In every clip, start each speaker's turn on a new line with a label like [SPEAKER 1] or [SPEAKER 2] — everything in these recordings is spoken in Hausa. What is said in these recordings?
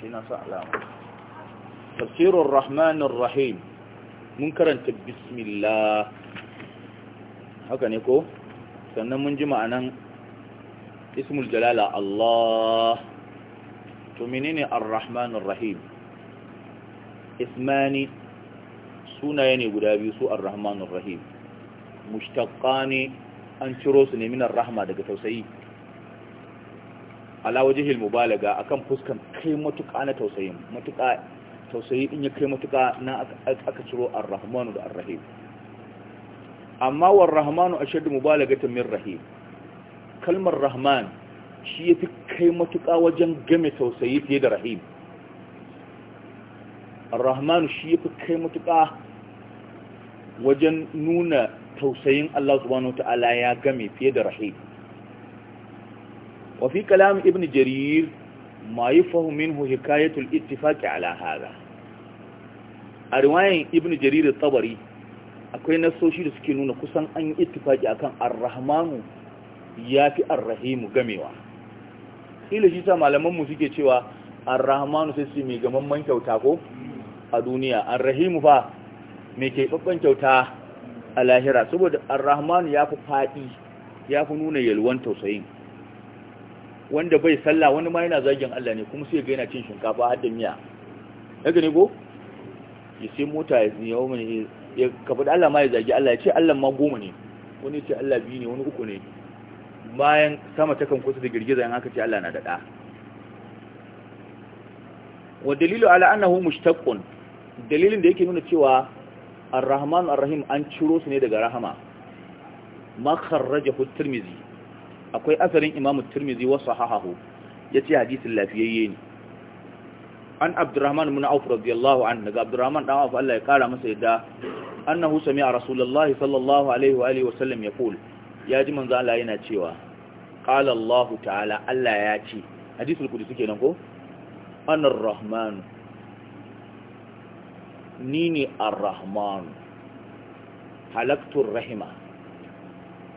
[SPEAKER 1] shi na sa alama tafsirur rahmanur rahim mun karanta bismillah haka ne ko sannan mun ji ma'anan ismul jalala Allah to menene ar-rahmanur rahim ismani sunaye ne guda biyu su ar-rahmanur rahim mushtaqani an ciro su ne minar rahma daga tausayi ala wajihil mubalaga akan fuskan kai matuƙa na tausayin matuƙa tausayi in ya kai matuƙa na aka ciro ar-rahmanu da ar-rahim amma war rahmanu ashaddu mubalagatan min rahim kalmar rahman shi yafi kai matuƙa wajen game tausayi fiye da rahim ar-rahmanu shi yafi kai matuƙa wajen nuna tausayin Allah subhanahu wa ta'ala ya game fiye da rahim وفي كلام ابن جرير ما يفهم منه حكاية الاتفاق على هذا أرواية ابن جرير الطبري akwai nasoshi da suke nuna kusan an yi ittifaki akan arrahmanu yafi arrahimu gamewa ila shi sa malaman mu suke cewa arrahmanu sai su mai gamamman kyauta ko a duniya arrahimu fa mai keɓaɓɓen kyauta a lahira saboda arrahmanu ya fi faɗi ya fi nuna yalwan tausayin wanda bai sallah wani ma yana zagin Allah ne kuma sai ga yana cin shinkafa har da miya daga ne ko ya sai mota ya yau mai ya kafa Allah ma ya zagi Allah ya ce Allah ma goma ne wani ya ce Allah biyu ne wani uku ne bayan sama ta kan kusa da girgiza in aka ce Allah na da ɗa wa dalilu ala annahu mushtaqqun dalilin da yake nuna cewa ar-rahman ar-rahim an ciro su ne daga rahama makharrajahu at-tirmidhi akwai asarin imam wasu wa Ya ce hadisin lafiyayye ne an abdurrahman ibn auf radiyallahu an. daga abdurrahman dan auf Allah ya kara masa yadda annahu sami'a rasulullah sallallahu alaihi wa alihi wa sallam yaqul ya ji manzo Allah yana cewa qala Allah ta'ala Allah ya ce hadisul qudsi kenan ko An rahman ni ne ar-rahman halaktur rahima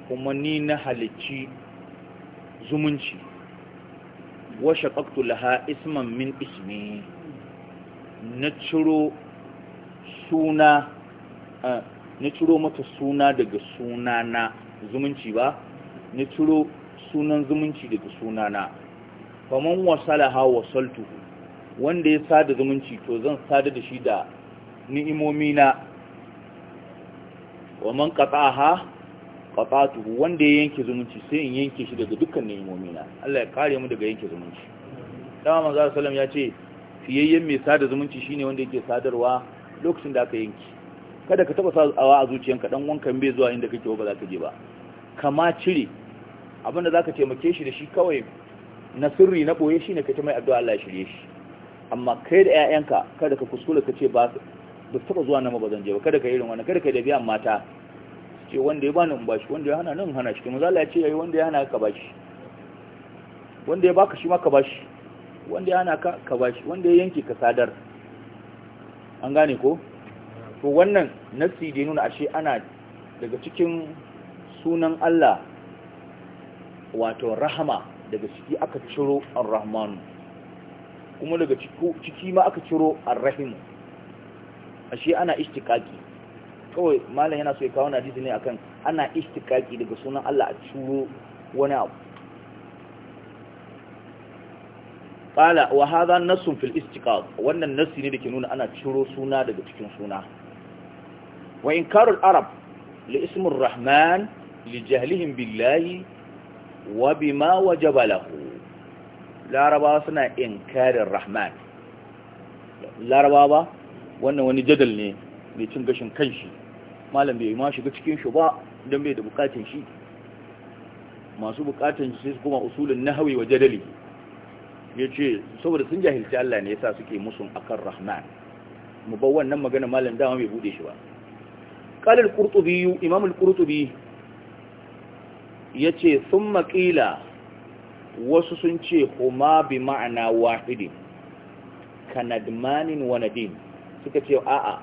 [SPEAKER 1] kuma ni na halici zumunci wa shaqaqtu laha isman min ismi na ciro suna na ciro mata suna daga sunana zumunci ba na ciro sunan zumunci daga sunana faman wasalaha wasaltu wanda ya sada zumunci to zan sada da shi da ni'imomi na wa man qata'aha faɗatuhu wanda ya yanke zumunci sai in yanke shi daga dukkan ni'imomi na Allah ya kare mu daga yanke zumunci dama manzo sallam ya ce fiyayyen mai sada zumunci shine wanda yake sadarwa lokacin da aka yanke kada ka taba sawa a zuciyanka dan wankan bai zuwa inda kake ba za ka je ba kama cire abinda zaka taimake shi da shi kawai na sirri na boye shine ka ta mai addu'a Allah ya shirye shi amma kai da ƴaƴanka kada ka kuskura ka ce ba ba taba zuwa nan ba zan je ba kada ka irin wannan kada ka dabi'an mata ce wanda ya bani in bashi wanda ya hana nan hana shi kuma zalla ya ce yayi wanda ya hana ka bashi wanda ya baka shi ma ka bashi wanda ya hana ka ka bashi wanda ya yanke ka sadar an gane ko to wannan nafsi da nuna ashe ana daga cikin sunan Allah wato rahama daga ciki aka ciro ar-rahman kuma daga ciki ma aka ciro ar-rahim ashe ana istiqaqi kawai malam yana so ya kawo hadisi ne akan ana ishtikaki daga sunan Allah a turo wani abu qala wa hadha nassun fil istiqaq wannan nassi ne dake nuna ana ciro suna daga cikin suna wa inkarul arab li ismir rahman li jahlihim billahi wa bima wajaba lahu larabawa suna inkarin rahman larabawa wannan wani jadal ne mai cin gashin kanshi malam bai ma shiga cikin shi ba don bai da bukatun shi masu bukatun shi kuma usulun nahawi wa jadali ya ce saboda sun jahilci Allah ne yasa suke musu akan rahman mu bar wannan magana malam dama bai bude shi ba qala al-qurtubi imam al-qurtubi yace thumma qila wasu sun ce huma bi ma'ana wahidin kanadmanin wa suka ce a'a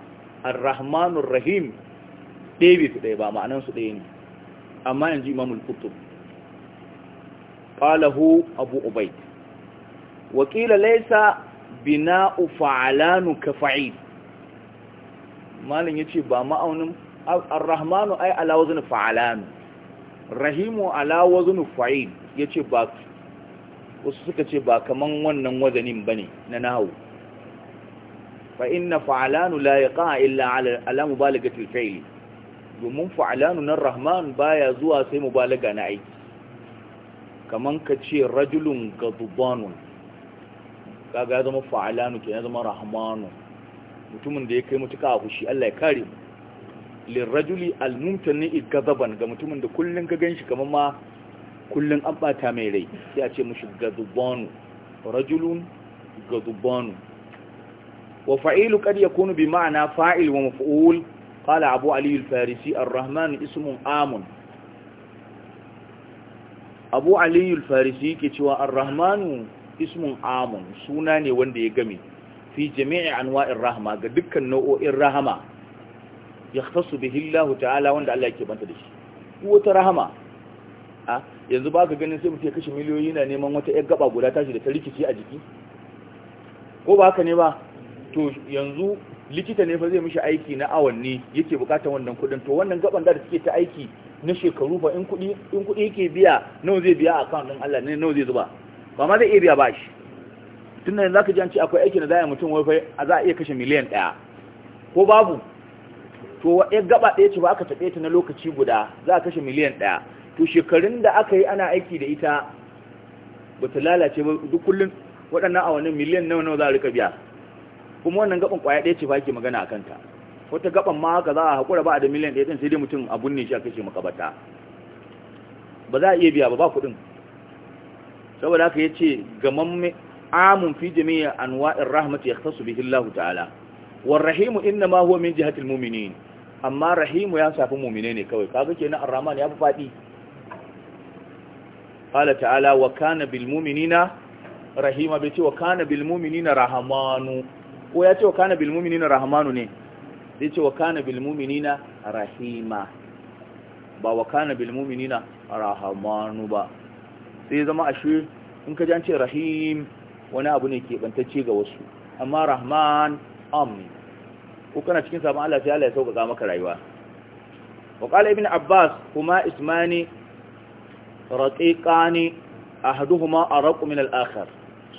[SPEAKER 1] ar-rahmanur rahim ɗaya bai fi ɗaya ba ma'anan su ɗaya ne amma yanzu imamul kutub qalahu abu ubayd wakila laisa bina bina'u fa'alanu ka fa'il malin ce ba ma'aunin ar-rahmanu ay ala wazn fa'alanu rahimu ala wazn ya ce ba wasu suka ce ba kaman wannan wazanin bane na nahu fa inna fa'alanu la yaqa illa ala ba mubalagati al domin fa'alanu na rahman baya zuwa sai mubalaga na aiki kaman ka ce rajulun gadubanun kaga ya zama fa'alanu ke ya zama rahmanu mutumin da ya kai mutuka a hushi Allah ya kare mu lirrajuli almumtani gazaban ga mutumin da kullun ka ganshi kaman ma kullun an bata mai rai sai a ce mushi gadubanu rajulun gadubanu wa fa'ilu ya yakunu bi ma'ana fa'il wa maf'ul قال أبو علي الفارسي الرحمن اسم آم أبو علي الفارسي كتوى الرحمن اسم آم سوناني وندي يقمي في جميع أنواع الرحمة دكا نوء الرحمة يختص به الله تعالى وند الله يكبنت دشي قوة رحمة a yanzu ba ka ganin sai mutum ya kashe miliyoyi na neman wata 'yar gaba guda tashi da ta rikici a jiki ko ba haka ne ba to yanzu likita ne fa zai mishi aiki na awanni yake bukatar wannan kudin to wannan gaban da suke ta aiki na shekaru fa in kudi in kudi yake biya nawa zai biya a kan din Allah ne nawa zai zuba ba ma zai iya biya bashi tun yanzu zaka ji an ce akwai aiki na zai mutum wai fa za a iya kashe miliyan daya ko babu to ya gaba ɗaya ce ba aka taɓe ta na lokaci guda za a kashe miliyan ɗaya to shekarun da aka yi ana aiki da ita ba ta lalace ba duk kullum waɗannan awannin miliyan nawa nawa za a rika biya kuma wannan gaban kwaya ɗaya ce fa yake magana a kanta wata gaban ma haka za a haƙura ba a da miliyan ɗaya ɗin sai dai mutum a binne shi a kashe makabata ba za a iya biya ba ba kuɗin saboda haka ya ce gamamme amun fi jami'a anwa'in rahmat ya tasu bihi Allah ta'ala Wa rahimu inna ma huwa min jihatil mu'minin amma rahimu ya shafi mu'mine ne kawai kaga kenan ar-rahman ya fi fadi qala ta'ala wa kana bil mu'minina rahima bai ce wa kana bil mu'minina ko ya ce wa kana bilmuminina mu'minina rahmanu ne zai ce wa kana bilmuminina rahima ba wa kana bilmuminina rahamanu ba sai zama ashe in ka ji an ce rahim wani abu ne ke bantacce ga wasu amma rahman amni ko kana cikin sabon Allah sai Allah ya sauƙaƙa maka rayuwa wa ibn abbas kuma ismani raqiqani a araqu min al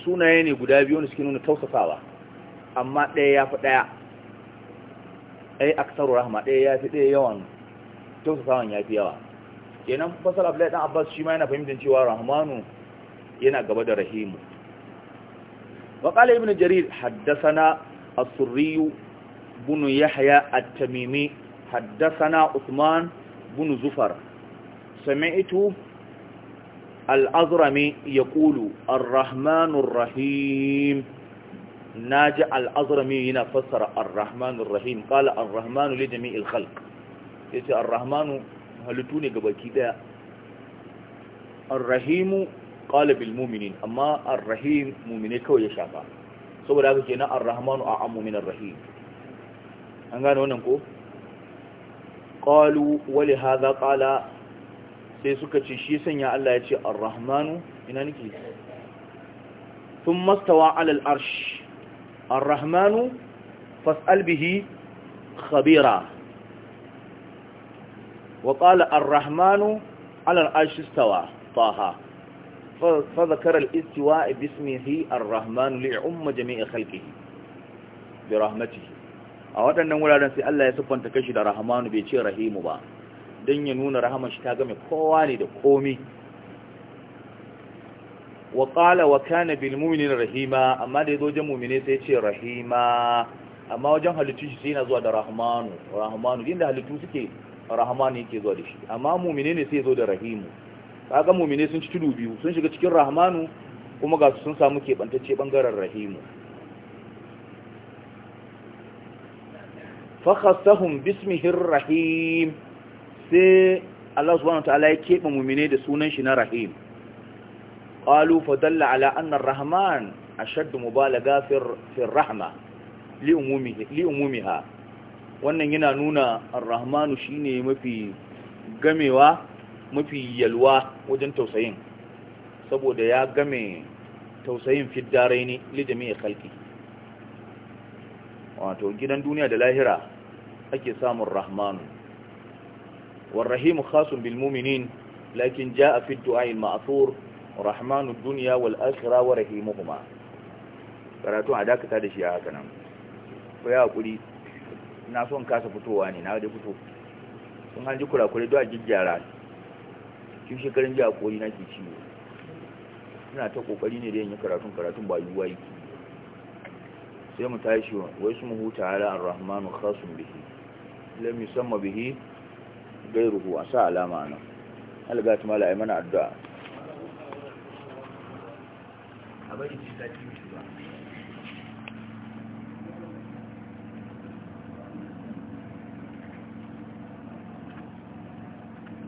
[SPEAKER 1] sunaye ne guda biyu ne suke nuna tausasawa amma ɗaya ya fi ɗaya ɗaya aksaru rahama ɗaya ya fi ɗaya yawan tausasawan ya fi yawa kenan fasal abdullahi dan abbas shi ma yana fahimtar cewa rahmanu yana gaba da rahimu wa qala jarir Haddasana Asuriyu surri bin yahya at-tamimi usman bin zufar sami'itu al-azrami yaqulu ar rahmanu rahim naji al-azrami yana fassara ar rahmanu rahim qala ar-rahmanu li jami'il khalq yace ar-rahmanu halittu ne gabaki daya ar-rahimu ƙala bil mu'minin amma ar-rahim mu'mine kawai ya shafa saboda haka ke kenan ar-rahmanu a'ammu min ar-rahim an gane wannan ko Ƙalu wa li ƙala sai suka ce shi sanya Allah ya ce ar-rahmanu ina nake ثم mastawa على arshi. ar-rahmanu fas'al bihi khabira wa qala ar-rahmanu 'ala al-'arshi istawa taha فذكر الاستواء باسمه الرحمن لعم جميع خلقه برحمته a waɗannan wuraren sai Allah ya siffanta kashi da rahmanu bai ce rahimu ba don ya nuna rahaman shi ta game kowa ne da komi wa qala wa kana bil rahima amma da yazo wajen mu'mine sai ce rahima amma wajen halittu shi yana zuwa da rahmanu rahmanu inda halittu suke rahmanu yake zuwa da shi amma mu'mine ne sai yazo da rahimu kaga mu'mine sun ci tudu biyu sun shiga cikin rahmanu kuma ga su sun samu keɓantacce bangaren rahimu fakhassahum bismihir rahim sai Allah subhanahu ta'ala ya keɓe mu'mine da sunan shi na rahim قالوا فدل على أن الرحمن أشد مبالغة في الرحمة لأمومها wannan yana nuna arrahmanu shine mafi gamewa mafi yalwa wajen tausayin saboda ya game tausayin fiddarai ne lijami ya kalki wato gidan duniya da lahira ake samun rahmanu warrahimu khasun bil muminin lakin ja fi du'a al rahmanu duniya wal akhira wa rahimuhuma karatu a dakata da shi a haka nan ko ya hakuri na son kasa fitowa ne na da fito sun hanji kurakure don a gyaggyara shi shekarun jiya kori na ke ciwo Ina ta kokari ne da yin karatun karatun ba yiwuwa yi sai mu tashi wa su muhu ta'ala ar-rahmanu khasun bihi lam yusamma bihi gairuhu a sa alama nan algat mala mana addu'a a bari shi sati biyu